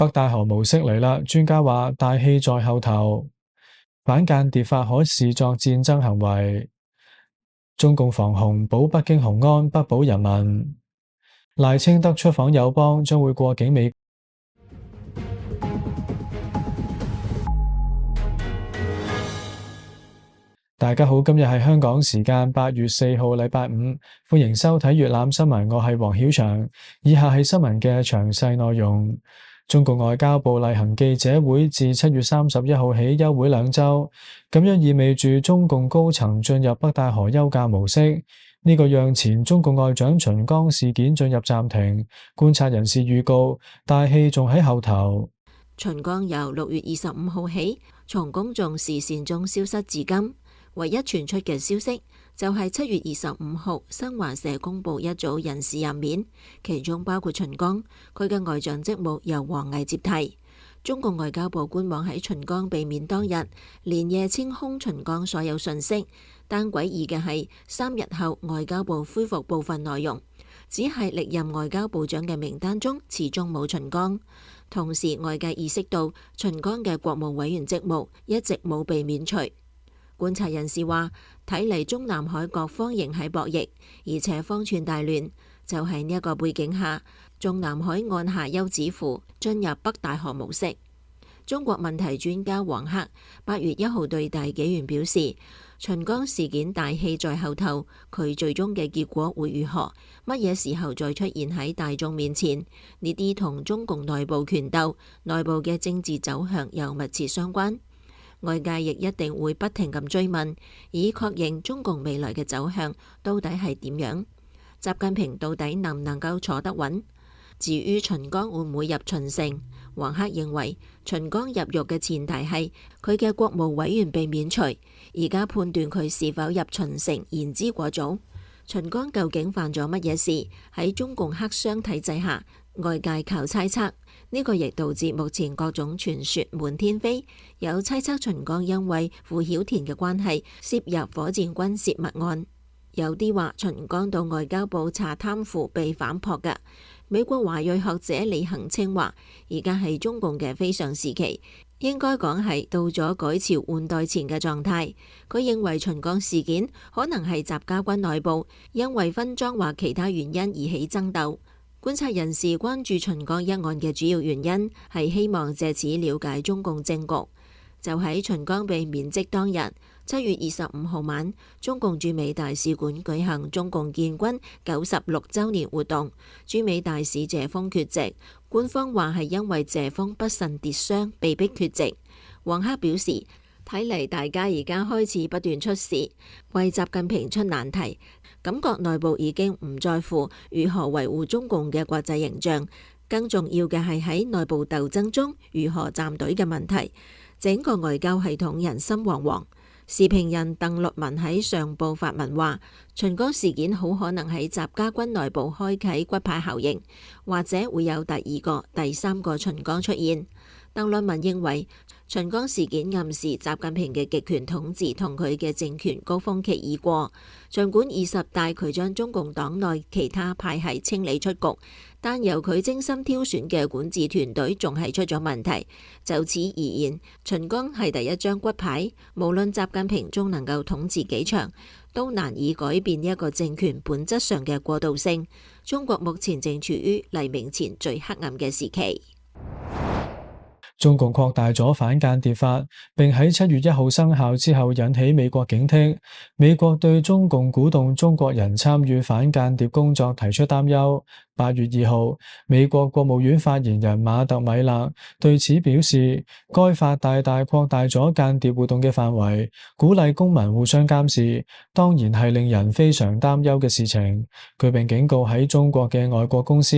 北戴河模式嚟啦，專家話大戲在後頭，反間諜法可視作戰爭行為。中共防洪保北京雄安，不保人民。賴清德出訪友邦，將會過境美國。大家好，今日係香港時間八月四號，禮拜五，歡迎收睇粵覽新聞，我係黃曉翔。以下係新聞嘅詳細內容。中國外交部例行記者會自七月三十一號起休會兩週，咁樣意味住中共高層進入北戴河休假模式。呢、這個讓前中共外長秦剛事件進入暫停，觀察人士預告大戲仲喺後頭。秦剛由六月二十五號起從公眾視綫中消失至今。唯一傳出嘅消息就係七月二十五號，新華社公布一組人事任免，其中包括秦剛。佢嘅外長職務由王毅接替。中國外交部官網喺秦剛被免當日，連夜清空秦剛所有信息。但詭異嘅係，三日後外交部恢復部分內容，只係歷任外交部長嘅名單中，始終冇秦剛。同時，外界意識到秦剛嘅國務委員職務一直冇被免除。觀察人士話：睇嚟中南海各方仍喺博弈，而且方寸大亂。就喺呢一個背景下，中南海按下休止符，進入北戴河模式。中國問題專家王克八月一號對《大紀元》表示：秦剛事件大戲在後頭，佢最終嘅結果會如何？乜嘢時候再出現喺大眾面前？呢啲同中共內部權鬥、內部嘅政治走向有密切相關。外界亦一定會不停咁追問，以確認中共未來嘅走向到底係點樣。習近平到底能唔能夠坐得穩？至於秦剛會唔會入秦城，黃克認為秦剛入獄嘅前提係佢嘅國務委員被免除。而家判斷佢是否入秦城言之過早。秦剛究竟犯咗乜嘢事？喺中共黑箱體制下，外界靠猜測。呢個亦導致目前各種傳說滿天飛，有猜測秦剛因為傅曉田嘅關係涉入火箭軍泄密案，有啲話秦剛到外交部查貪腐被反撲嘅。美國華裔學者李恒清話：而家係中共嘅非常時期，應該講係到咗改朝換代前嘅狀態。佢認為秦剛事件可能係習家軍內部因為分贓或其他原因而起爭鬥。觀察人士關注秦剛一案嘅主要原因，係希望借此了解中共政局。就喺秦剛被免職當日，七月二十五號晚，中共駐美大使館舉行中共建軍九十六周年活動，駐美大使謝鋒缺席。官方話係因為謝鋒不慎跌傷，被逼缺席。王克表示，睇嚟大家而家開始不斷出事，為習近平出難題。感覺內部已經唔在乎如何維護中共嘅國際形象，更重要嘅係喺內部鬥爭中如何站隊嘅問題。整個外交系統人心惶惶。時評人鄧立文喺上報發文話：秦剛事件好可能喺習家軍內部開啟骨牌效應，或者會有第二個、第三個秦剛出現。鄧立文認為，秦剛事件暗示習近平嘅極權統治同佢嘅政權高峰期已過。儘管二十大佢將中共黨內其他派系清理出局，但由佢精心挑選嘅管治團隊仲係出咗問題。就此而言，秦剛係第一張骨牌。無論習近平仲能夠統治幾長，都難以改變一個政權本質上嘅過渡性。中國目前正處於黎明前最黑暗嘅時期。中共擴大咗反間諜法，並喺七月一號生效之後引起美國警惕。美國對中共鼓動中國人參與反間諜工作提出擔憂。八月二號，美國國務院發言人馬特米勒對此表示，該法大大擴大咗間諜活動嘅範圍，鼓勵公民互相監視，當然係令人非常擔憂嘅事情。佢並警告喺中國嘅外國公司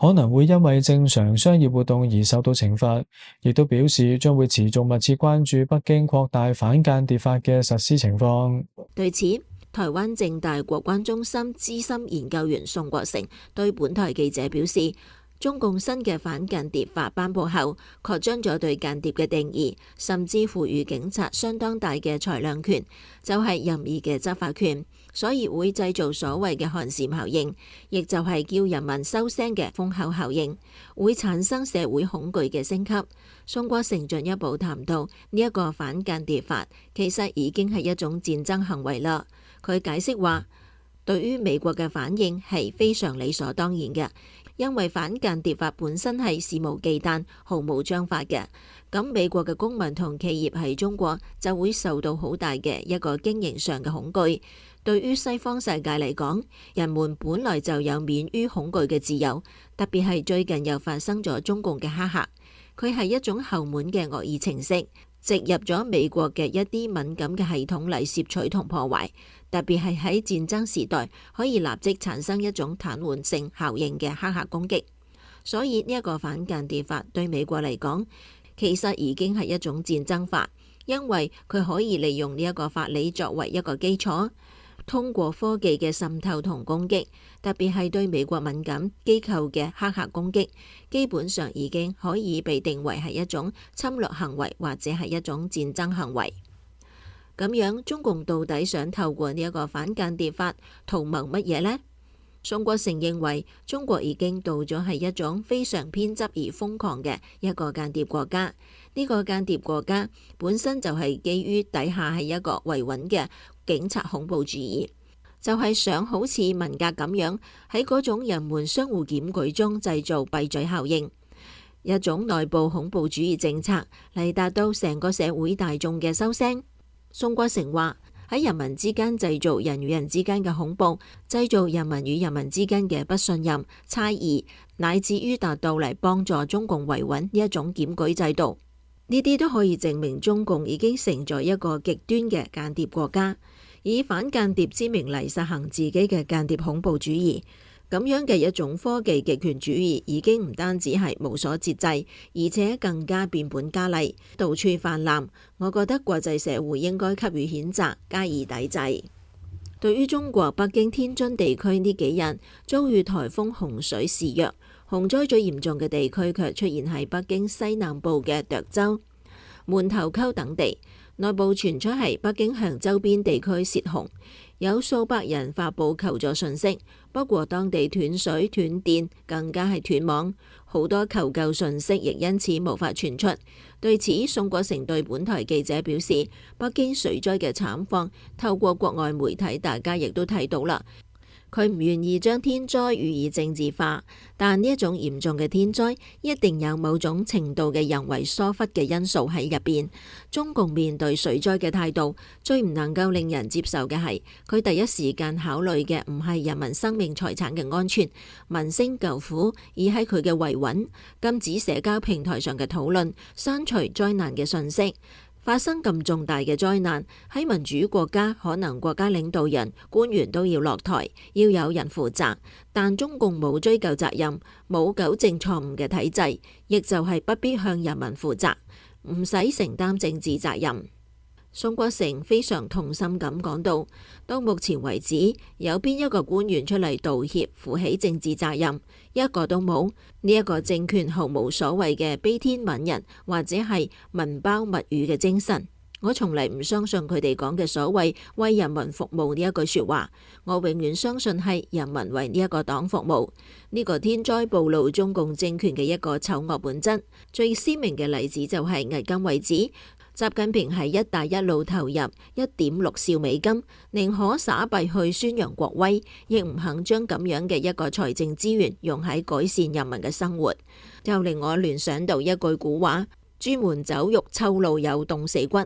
可能會因為正常商業活動而受到懲罰，亦都表示將會持續密切關注北京擴大反間諜法嘅實施情況。對此，台灣政大國關中心資深研究員宋國成對本台記者表示：中共新嘅反間諜法頒布後，擴張咗對間諜嘅定義，甚至賦予警察相當大嘅裁量權，就係、是、任意嘅執法權，所以會製造所謂嘅寒蟬效應，亦就係叫人民收聲嘅封口效應，會產生社會恐懼嘅升級。宋國成進一步談到：呢、這、一個反間諜法其實已經係一種戰爭行為啦。佢解釋話：對於美國嘅反應係非常理所當然嘅，因為反間諜法本身係肆無忌憚、毫無章法嘅。咁美國嘅公民同企業喺中國就會受到好大嘅一個經營上嘅恐懼。對於西方世界嚟講，人們本來就有免於恐懼嘅自由，特別係最近又發生咗中共嘅黑客，佢係一種後門嘅惡意程式。植入咗美國嘅一啲敏感嘅系統嚟攝取同破壞，特別係喺戰爭時代，可以立即產生一種癱瘓性效應嘅黑客攻擊。所以呢一個反間諜法對美國嚟講，其實已經係一種戰爭法，因為佢可以利用呢一個法理作為一個基礎。通過科技嘅滲透同攻擊，特別係對美國敏感機構嘅黑客攻擊，基本上已經可以被定為係一種侵略行為或者係一種戰爭行為。咁樣，中共到底想透過呢一個反間諜法圖謀乜嘢呢？宋國成認為，中國已經到咗係一種非常偏執而瘋狂嘅一個間諜國家。呢個間諜國家本身就係基於底下係一個維穩嘅警察恐怖主義，就係想好似文革咁樣喺嗰種人們相互檢舉中製造閉嘴效應，一種內部恐怖主義政策嚟達到成個社會大眾嘅收聲。宋國誠話喺人民之間製造人與人之間嘅恐怖，製造人民與人民之間嘅不信任、猜疑，乃至於達到嚟幫助中共維穩呢一種檢舉制度。呢啲都可以證明中共已經成咗一個極端嘅間諜國家，以反間諜之名嚟實行自己嘅間諜恐怖主義，咁樣嘅一種科技極權主義已經唔單止係無所節制，而且更加變本加厲，到處泛濫。我覺得國際社會應該給予譴責，加以抵制。對於中國北京、天津地區呢幾日遭遇颱風洪水肆虐。洪災最嚴重嘅地區卻出現喺北京西南部嘅涿州、門頭溝等地，內部傳出係北京向周邊地區泄洪，有數百人發布求助信息。不過當地斷水斷電，更加係斷網，好多求救信息亦因此無法傳出。對此，宋國成對本台記者表示，北京水災嘅慘況透過國外媒體，大家亦都睇到啦。佢唔願意將天災予以政治化，但呢一種嚴重嘅天災一定有某種程度嘅人為疏忽嘅因素喺入邊。中共面對水災嘅態度，最唔能夠令人接受嘅係佢第一時間考慮嘅唔係人民生命財產嘅安全、聞聲救苦，而喺佢嘅維穩，禁止社交平台上嘅討論，刪除災難嘅信息。發生咁重大嘅災難喺民主國家，可能國家領導人、官員都要落台，要有人負責。但中共冇追究責任，冇糾正錯誤嘅體制，亦就係不必向人民負責，唔使承擔政治責任。宋國成非常痛心咁講到，到目前為止有邊一個官員出嚟道歉、負起政治責任，一個都冇。呢、這、一個政權毫無所謂嘅悲天憫人或者係文包物語嘅精神，我從嚟唔相信佢哋講嘅所謂為人民服務呢一句說話。我永遠相信係人民為呢一個黨服務。呢、這個天災暴露中共政權嘅一個醜惡本質。最鮮明嘅例子就係危金為止。」習近平喺一帶一路投入一點六兆美金，寧可撒幣去宣揚國威，亦唔肯將咁樣嘅一個財政資源用喺改善人民嘅生活，就令我聯想到一句古話。專門走肉臭，路有凍死骨。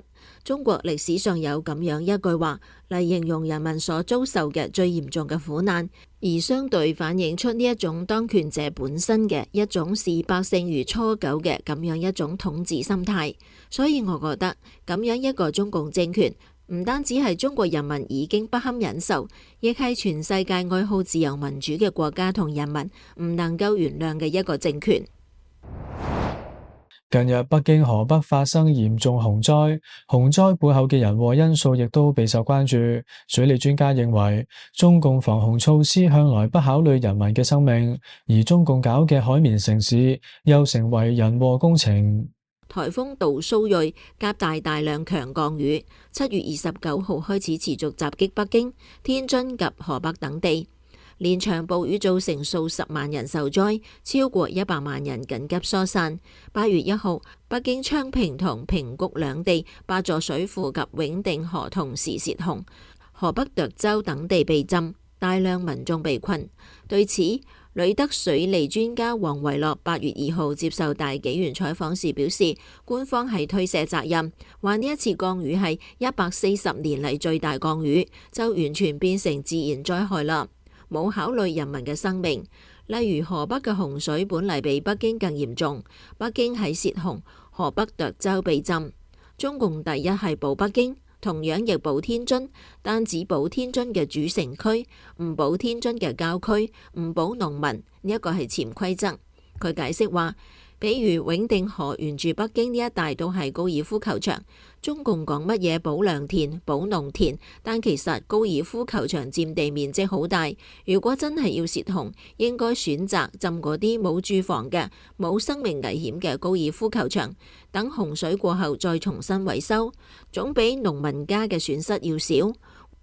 中國歷史上有咁樣一句話嚟形容人民所遭受嘅最嚴重嘅苦難，而相對反映出呢一種當權者本身嘅一種視百姓如芻狗嘅咁樣一種統治心態。所以我覺得咁樣一個中共政權，唔單止係中國人民已經不堪忍受，亦係全世界愛好自由民主嘅國家同人民唔能夠原諒嘅一個政權。近日北京河北發生嚴重洪災，洪災背後嘅人禍因素亦都備受關注。水利專家認為，中共防洪措施向來不考慮人民嘅生命，而中共搞嘅海綿城市又成為人禍工程。台風杜蘇芮夾帶大量強降雨，七月二十九號開始持續襲擊北京、天津及河北等地。連場暴雨造成數十萬人受災，超過一百萬人緊急疏散。八月一號，北京昌平同平谷兩地八座水庫及永定河同時洩洪，河北涿州等地被浸，大量民眾被困。對此，旅德水利專家王維洛八月二號接受大紀元採訪時表示，官方係推卸責任，話呢一次降雨係一百四十年嚟最大降雨，就完全變成自然災害啦。冇考慮人民嘅生命，例如河北嘅洪水本嚟比北京更嚴重，北京係泄洪，河北涿州被浸。中共第一係保北京，同樣亦保天津，單止保天津嘅主城區，唔保天津嘅郊區，唔保農民。呢、這、一個係潛規則。佢解釋話。比如永定河沿住北京呢一帶都係高爾夫球場，中共講乜嘢保良田、保農田，但其實高爾夫球場占地面積好大。如果真係要泄洪，應該選擇浸嗰啲冇住房嘅、冇生命危險嘅高爾夫球場，等洪水過後再重新維修，總比農民家嘅損失要少。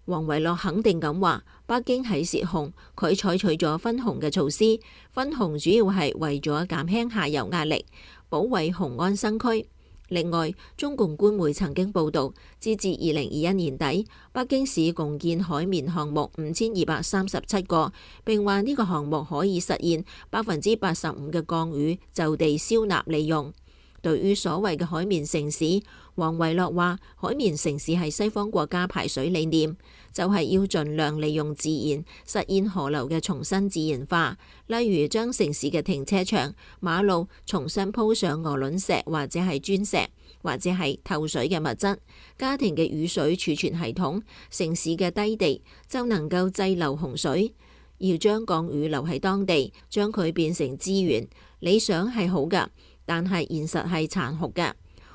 王維洛肯定咁話，北京喺洩洪，佢採取咗分洪嘅措施，分洪主要係為咗減輕下游壓力，保衛雄安新區。另外，中共官媒曾經報道，截至至二零二一年底，北京市共建海綿項目五千二百三十七個，並話呢個項目可以實現百分之八十五嘅降雨就地消納利用。對於所謂嘅海綿城市，王維樂話：海綿城市係西方國家排水理念，就係要儘量利用自然，實現河流嘅重新自然化。例如將城市嘅停車場、馬路重新鋪上鵝卵石或者係磚石，或者係透水嘅物質。家庭嘅雨水儲存系統、城市嘅低地就能夠滯留洪水。要將降雨留喺當地，將佢變成資源。理想係好噶。但係現實係殘酷嘅。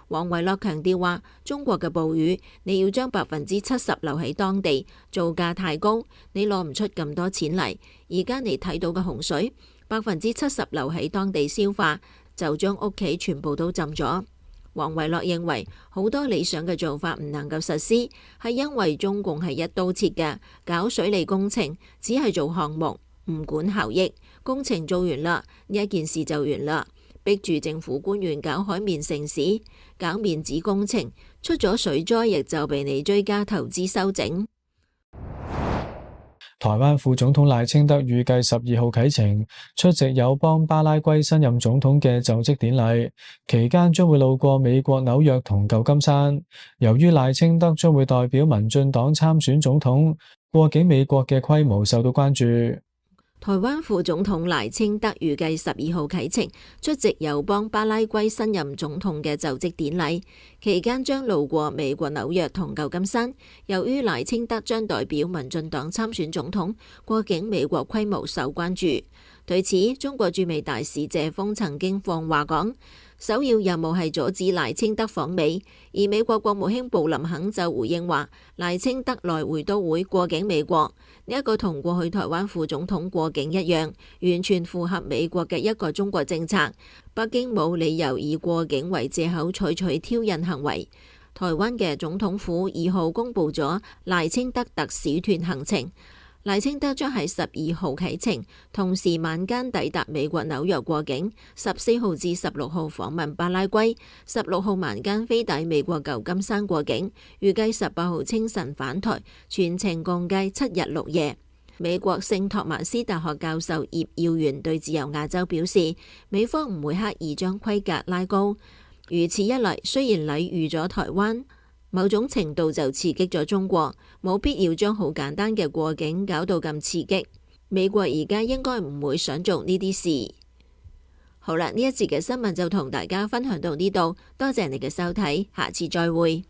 王維樂強調話，中國嘅暴雨，你要將百分之七十留喺當地，造價太高，你攞唔出咁多錢嚟。而家你睇到嘅洪水，百分之七十留喺當地消化，就將屋企全部都浸咗。王維樂認為，好多理想嘅做法唔能夠實施，係因為中共係一刀切嘅，搞水利工程只係做項目，唔管效益，工程做完啦，呢一件事就完啦。逼住政府官員搞海綿城市、搞面子工程，出咗水災亦就被你追加投資修整。台灣副總統賴清德預計十二號啟程出席友邦巴拉圭新任總統嘅就職典禮，期間將會路過美國紐約同舊金山。由於賴清德將會代表民進黨參選總統，過境美國嘅規模受到關注。台灣副總統賴清德預計十二號啟程出席友邦巴拉圭新任總統嘅就職典禮，期間將路過美國紐約同舊金山。由於賴清德將代表民進黨參選總統，過境美國規模受關注。對此，中國駐美大使謝鋒曾經放話講。首要任務係阻止賴清德訪美，而美國國務卿布林肯就回應話，賴清德來回都會過境美國。呢個同過去台灣副總統過境一樣，完全符合美國嘅一個中國政策。北京冇理由以過境為借口採取挑釁行為。台灣嘅總統府二號公布咗賴清德特使團行程。賴清德將喺十二號啟程，同時晚間抵達美國紐約過境；十四號至十六號訪問巴拉圭；十六號晚間飛抵美國舊金山過境，預計十八號清晨返台，全程共計七日六夜。美國聖托馬斯大學教授葉耀元對自由亞洲表示，美方唔會刻意將規格拉高。如此一來，雖然禮遇咗台灣。某種程度就刺激咗中國，冇必要將好簡單嘅過境搞到咁刺激。美國而家應該唔會想做呢啲事。好啦，呢一節嘅新聞就同大家分享到呢度，多謝你嘅收睇，下次再會。